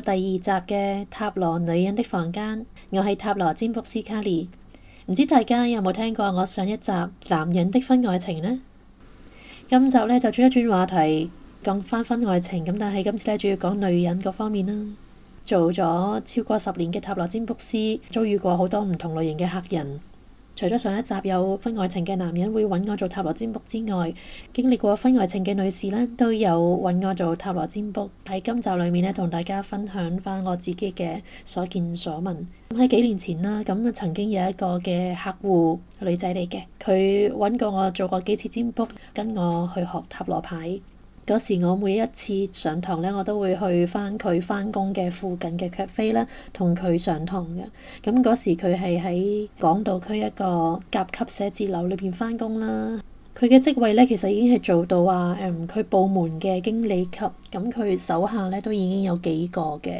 第二集嘅塔羅女人的房間，我係塔羅占卜師卡莉，唔知大家有冇聽過我上一集男人的婚外情呢？今集呢就轉一轉話題，講翻婚外情，咁但係今次呢，主要講女人嗰方面啦。做咗超過十年嘅塔羅占卜師，遭遇過好多唔同類型嘅客人。除咗上一集有婚外情嘅男人會揾我做塔羅占卜之外，經歷過婚外情嘅女士呢，都有揾我做塔羅占卜。喺今集裏面呢，同大家分享返我自己嘅所見所聞。咁喺幾年前啦，咁曾經有一個嘅客戶女仔嚟嘅，佢揾過我做過幾次占卜，跟我去學塔羅牌。嗰時我每一次上堂呢，我都會去翻佢翻工嘅附近嘅 cafe 啦，同佢上堂嘅。咁嗰時佢係喺港島區一個甲級寫字樓裏邊翻工啦。佢嘅職位呢，其實已經係做到啊，嗯，佢部門嘅經理級。咁佢手下呢，都已經有幾個嘅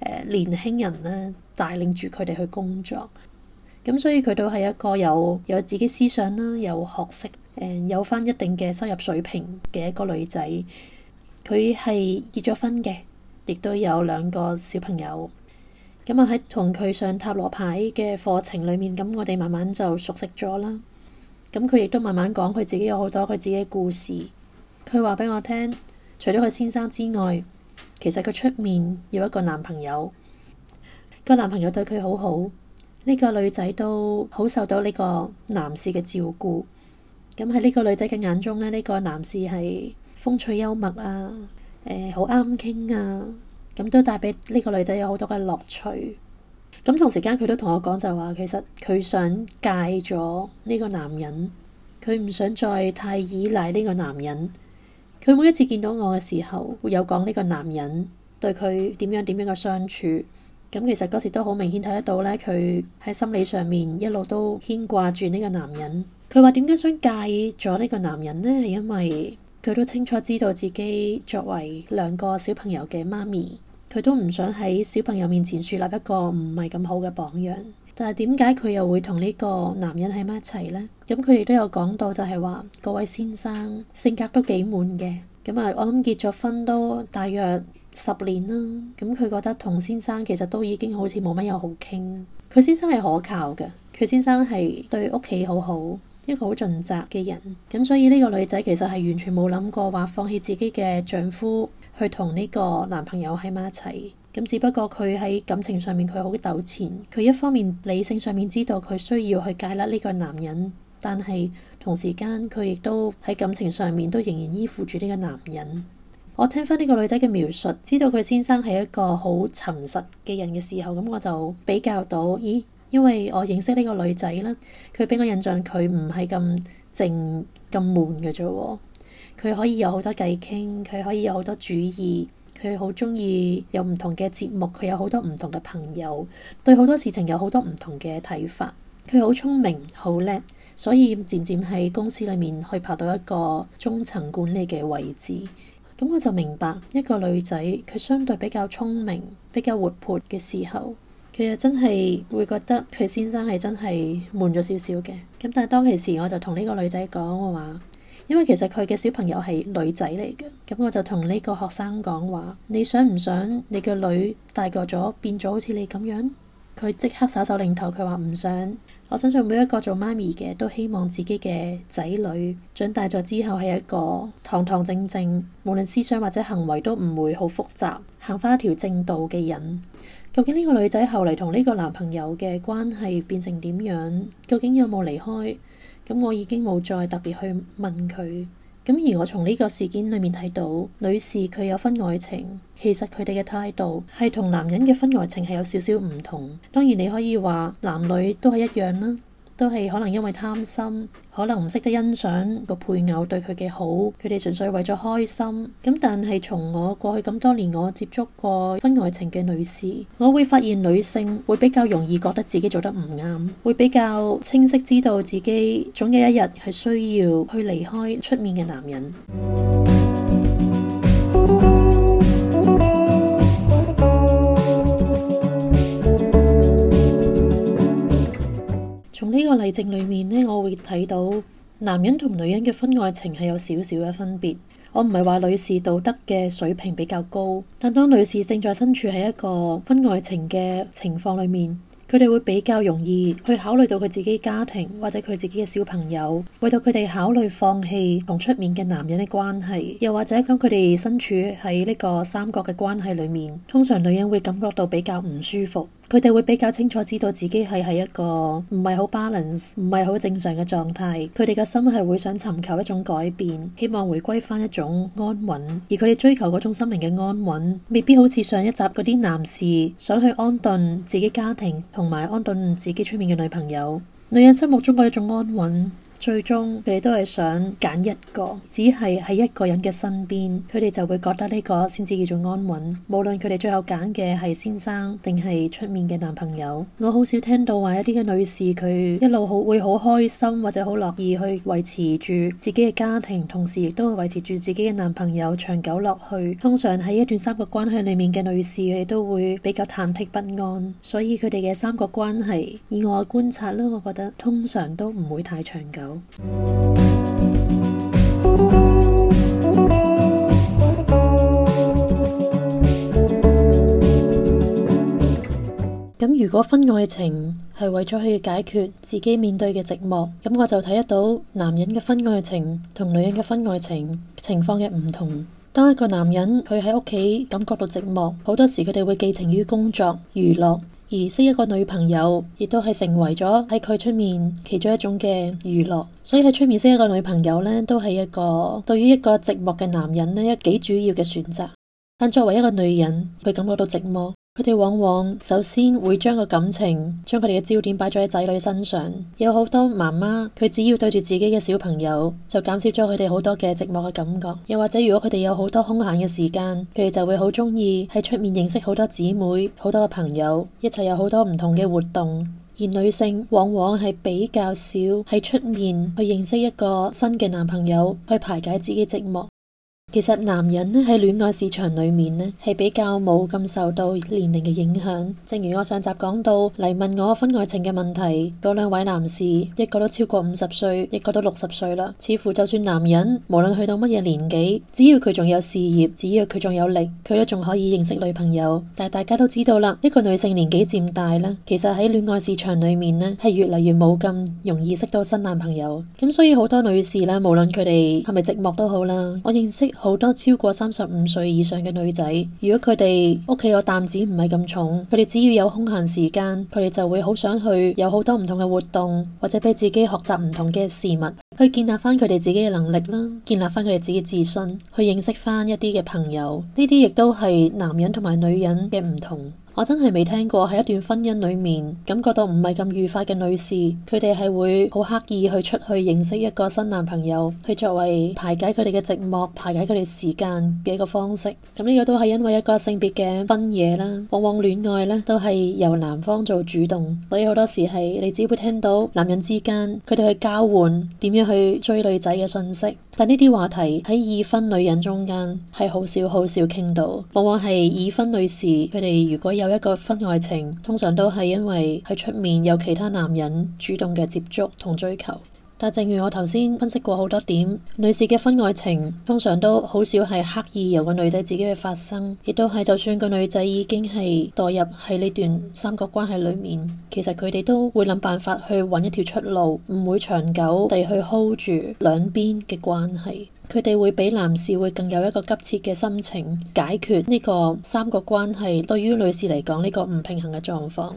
誒年輕人呢，帶領住佢哋去工作。咁所以佢都係一個有有自己思想啦，有學識。誒有返一定嘅收入水平嘅一個女仔，佢係結咗婚嘅，亦都有兩個小朋友。咁啊，喺同佢上塔羅牌嘅課程裏面，咁我哋慢慢就熟悉咗啦。咁佢亦都慢慢講，佢自己有好多佢自己嘅故事。佢話畀我聽，除咗佢先生之外，其實佢出面有一個男朋友。個男朋友對佢好好，呢個女仔都好受到呢個男士嘅照顧。咁喺呢個女仔嘅眼中咧，呢個男士係風趣幽默啊，誒，好啱傾啊，咁都帶俾呢個女仔有好多嘅樂趣。咁同時間佢都同我講就話，其實佢想戒咗呢個男人，佢唔想再太依賴呢個男人。佢每一次見到我嘅時候，會有講呢個男人對佢點樣點樣嘅相處。咁其實嗰時都好明顯睇得到咧，佢喺心理上面一路都牽掛住呢個男人。佢話：點解想介意咗呢個男人呢？係因為佢都清楚知道自己作為兩個小朋友嘅媽咪，佢都唔想喺小朋友面前樹立一個唔係咁好嘅榜樣。但係點解佢又會同呢個男人喺埋一齊呢？咁佢亦都有講到就，就係話各位先生性格都幾悶嘅。咁啊，我諗結咗婚都大約十年啦。咁佢覺得同先生其實都已經好似冇乜嘢好傾。佢先生係可靠嘅，佢先生係對屋企好好。一個好盡責嘅人，咁所以呢個女仔其實係完全冇諗過話放棄自己嘅丈夫，去同呢個男朋友喺埋一齊。咁只不過佢喺感情上面佢好糾纏，佢一方面理性上面知道佢需要去戒甩呢個男人，但係同時間佢亦都喺感情上面都仍然依附住呢個男人。我聽翻呢個女仔嘅描述，知道佢先生係一個好沉實嘅人嘅時候，咁我就比較到，咦？因為我認識呢個女仔呢，佢畀我印象，佢唔係咁靜咁悶嘅啫喎，佢可以有好多偈傾，佢可以有好多主意，佢好鍾意有唔同嘅節目，佢有好多唔同嘅朋友，對好多事情有好多唔同嘅睇法，佢好聰明，好叻，所以漸漸喺公司裏面去爬到一個中層管理嘅位置。咁我就明白一個女仔，佢相對比較聰明、比較活潑嘅時候。佢又真係會覺得佢先生係真係悶咗少少嘅。咁但係當其時，我就同呢個女仔講我話，因為其實佢嘅小朋友係女仔嚟嘅。咁我就同呢個學生講話：你想唔想你嘅女大個咗變咗好似你咁樣？佢即刻耍手擰頭，佢話唔想。我相信每一個做媽咪嘅都希望自己嘅仔女長大咗之後係一個堂堂正正，無論思想或者行為都唔會好複雜，行返一條正道嘅人。究竟呢個女仔後嚟同呢個男朋友嘅關係變成點樣？究竟有冇離開？咁我已經冇再特別去問佢。咁而我從呢個事件裏面睇到，女士佢有婚外情，其實佢哋嘅態度係同男人嘅婚外情係有少少唔同。當然你可以話男女都係一樣啦。都係可能因為貪心，可能唔識得欣賞個配偶對佢嘅好，佢哋純粹為咗開心。咁但係從我過去咁多年我接觸過婚外情嘅女士，我會發現女性會比較容易覺得自己做得唔啱，會比較清晰知道自己總有一日係需要去離開出面嘅男人。呢個例證裏面呢，我會睇到男人同女人嘅婚外情係有少少嘅分別。我唔係話女士道德嘅水平比較高，但當女士正在身處喺一個婚外情嘅情況裏面，佢哋會比較容易去考慮到佢自己家庭或者佢自己嘅小朋友，為到佢哋考慮放棄同出面嘅男人嘅關係，又或者講佢哋身處喺呢個三角嘅關係裏面，通常女人會感覺到比較唔舒服。佢哋會比較清楚知道自己係喺一個唔係好 balance，唔係好正常嘅狀態。佢哋嘅心係會想尋求一種改變，希望回歸翻一種安穩。而佢哋追求嗰種心靈嘅安穩，未必好似上一集嗰啲男士想去安頓自己家庭，同埋安頓自己出面嘅女朋友。女人心目中嘅一種安穩。最終佢哋都係想揀一個，只係喺一個人嘅身邊，佢哋就會覺得呢個先至叫做安穩。無論佢哋最後揀嘅係先生定係出面嘅男朋友，我好少聽到話一啲嘅女士佢一路好會好開心或者好樂意去維持住自己嘅家庭，同時亦都會維持住自己嘅男朋友長久落去。通常喺一段三角關係裏面嘅女士，佢哋都會比較忐忑不安，所以佢哋嘅三角關係，以我嘅觀察啦，我覺得通常都唔會太長久。咁如果婚外情係為咗去解決自己面對嘅寂寞，咁我就睇得到男人嘅婚外情同女人嘅婚外情情況嘅唔同。當一個男人佢喺屋企感覺到寂寞，好多時佢哋會寄情於工作、娛樂。而識一個女朋友，亦都係成為咗喺佢出面其中一種嘅娛樂。所以喺出面識一個女朋友咧，都係一個對於一個寂寞嘅男人咧，一個幾主要嘅選擇。但作為一個女人，佢感覺到寂寞。佢哋往往首先會將個感情，將佢哋嘅焦點擺咗喺仔女身上。有好多媽媽，佢只要對住自己嘅小朋友，就減少咗佢哋好多嘅寂寞嘅感覺。又或者，如果佢哋有好多空閒嘅時間，佢哋就會好中意喺出面認識好多姊妹，好多嘅朋友，一齊有好多唔同嘅活動。而女性往往係比較少喺出面去認識一個新嘅男朋友，去排解自己寂寞。其實男人咧喺戀愛市場裏面咧係比較冇咁受到年齡嘅影響。正如我上集講到嚟問我婚外情嘅問題嗰兩位男士，一個都超過五十歲，一個都六十歲啦。似乎就算男人無論去到乜嘢年紀，只要佢仲有事業，只要佢仲有力，佢都仲可以認識女朋友。但係大家都知道啦，一個女性年紀漸大啦，其實喺戀愛市場裏面咧係越嚟越冇咁容易識到新男朋友。咁所以好多女士咧，無論佢哋係咪寂寞都好啦，我認識。好多超過三十五歲以上嘅女仔，如果佢哋屋企個擔子唔係咁重，佢哋只要有空閒時間，佢哋就會好想去有好多唔同嘅活動，或者俾自己學習唔同嘅事物，去建立返佢哋自己嘅能力啦，建立返佢哋自己自信，去認識返一啲嘅朋友。呢啲亦都係男人同埋女人嘅唔同。我真係未聽過喺一段婚姻裏面感覺到唔係咁愉快嘅女士，佢哋係會好刻意去出去認識一個新男朋友，去作為排解佢哋嘅寂寞，排解佢哋時間嘅一個方式。咁呢個都係因為一個性別嘅分野啦。往往戀愛呢都係由男方做主動，所以好多時係你只會聽到男人之間佢哋去交換點樣去追女仔嘅信息。但呢啲話題喺已婚女人中間係好少好少傾到，往往係已婚女士佢哋如果有一個婚外情，通常都係因為喺出面有其他男人主動嘅接觸同追求。但正如我頭先分析過好多點，女士嘅婚外情通常都好少係刻意由個女仔自己去發生，亦都係就算個女仔已經係墮入喺呢段三角關係裡面，其實佢哋都會諗辦法去揾一條出路，唔會長久地去 hold 住兩邊嘅關係。佢哋會比男士會更有一個急切嘅心情解決呢個三角關係。對於女士嚟講，呢個唔平衡嘅狀況。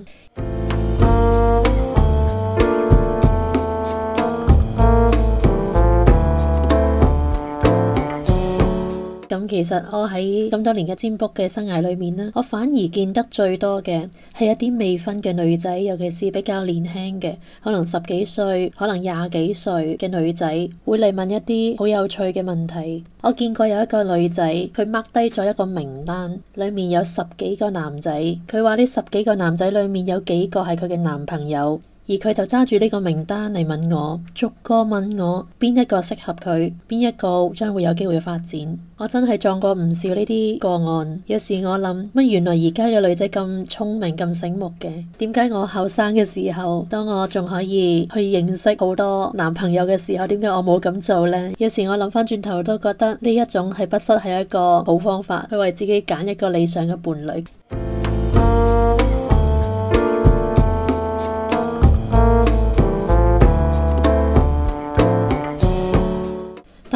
咁其實我喺咁多年嘅占卜嘅生涯裏面呢，我反而見得最多嘅係一啲未婚嘅女仔，尤其是比較年輕嘅，可能十幾歲，可能廿幾歲嘅女仔，會嚟問一啲好有趣嘅問題。我見過有一個女仔，佢 mark 低咗一個名單，裡面有十幾個男仔，佢話呢十幾個男仔裡面有幾個係佢嘅男朋友。而佢就揸住呢個名單嚟問我，逐個問我邊一個適合佢，邊一個將會有機會發展。我真係撞過唔少呢啲個案。有時我諗乜，原來而家嘅女仔咁聰明咁醒目嘅，點解我後生嘅時候，當我仲可以去認識好多男朋友嘅時候，點解我冇咁做呢？有時我諗返轉頭都覺得呢一種係不失係一個好方法，去為自己揀一個理想嘅伴侶。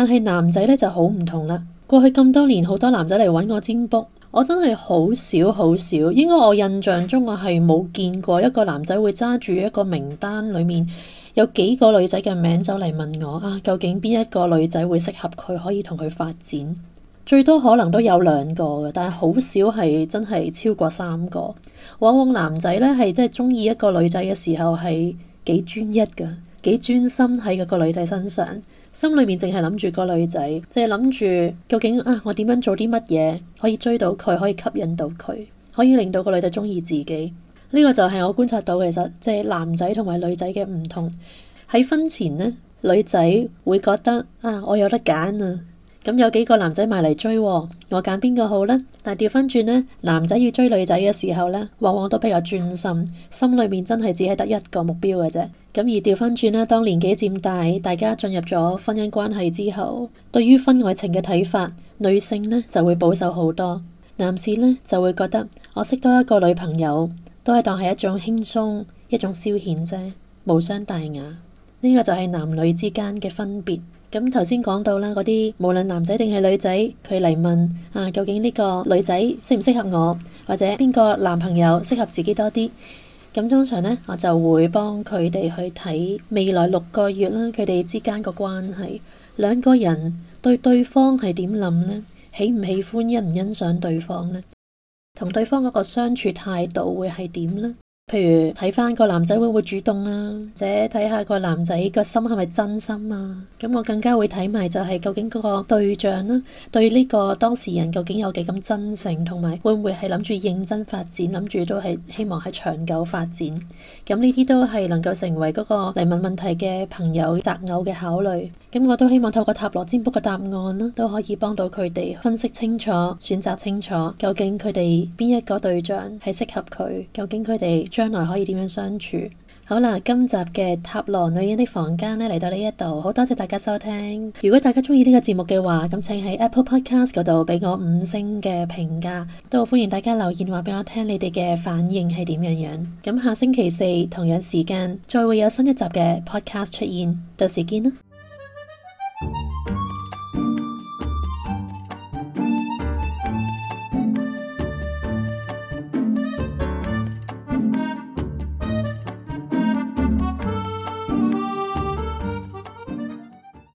係男仔咧，就好唔同啦。過去咁多年，好多男仔嚟搵我占卜，我真係好少好少。應該我印象中，我係冇見過一個男仔會揸住一個名單裏面有幾個女仔嘅名，走嚟問我啊，究竟邊一個女仔會適合佢可以同佢發展？最多可能都有兩個嘅，但係好少係真係超過三個。往往男仔咧係即係鍾意一個女仔嘅時候，係幾專一噶幾專心喺嗰個女仔身上。心裏面淨係諗住個女仔，淨係諗住究竟啊，我點樣做啲乜嘢可以追到佢，可以吸引到佢，可以令到個女仔鍾意自己？呢個就係我觀察到，其實即係男仔同埋女仔嘅唔同。喺婚前呢，女仔會覺得啊，我有得揀啊，咁、嗯、有幾個男仔埋嚟追，我揀邊個好呢？但係調翻轉呢，男仔要追女仔嘅時候呢，往往都比較專心，心裏面真係只係得一個目標嘅啫。咁而調翻轉啦。當年紀漸大，大家進入咗婚姻關係之後，對於婚外情嘅睇法，女性呢就會保守好多，男士呢就會覺得我識多一個女朋友都係當係一種輕鬆、一種消遣啫，無傷大雅。呢個就係男女之間嘅分別。咁頭先講到啦，嗰啲無論男仔定係女仔，佢嚟問啊，究竟呢個女仔適唔適合我，或者邊個男朋友適合自己多啲？咁通常呢，我就會幫佢哋去睇未來六個月啦，佢哋之間個關係，兩個人對對方係點諗呢？喜唔喜歡，欣唔欣賞對方呢？同對方嗰個相處態度會係點呢？譬如睇翻個男仔會唔會主動啊，或者睇下個男仔個心係咪真心啊，咁我更加會睇埋就係究竟嗰個對象啦，對呢個當事人究竟有幾咁真誠，同埋會唔會係諗住認真發展，諗住都係希望喺長久發展，咁呢啲都係能夠成為嗰個嚟問問題嘅朋友擇偶嘅考慮。咁我都希望透過塔羅占卜嘅答案啦，都可以幫到佢哋分析清楚、選擇清楚，究竟佢哋邊一個對象係適合佢，究竟佢哋將來可以點樣相處？好啦，今集嘅塔羅女人的房間呢，嚟到呢一度，好多謝大家收聽。如果大家鍾意呢個節目嘅話，咁請喺 Apple Podcast 嗰度俾我五星嘅評價，都好歡迎大家留言話俾我聽你哋嘅反應係點樣樣。咁下星期四同樣時間再會有新一集嘅 Podcast 出現，到時見啦。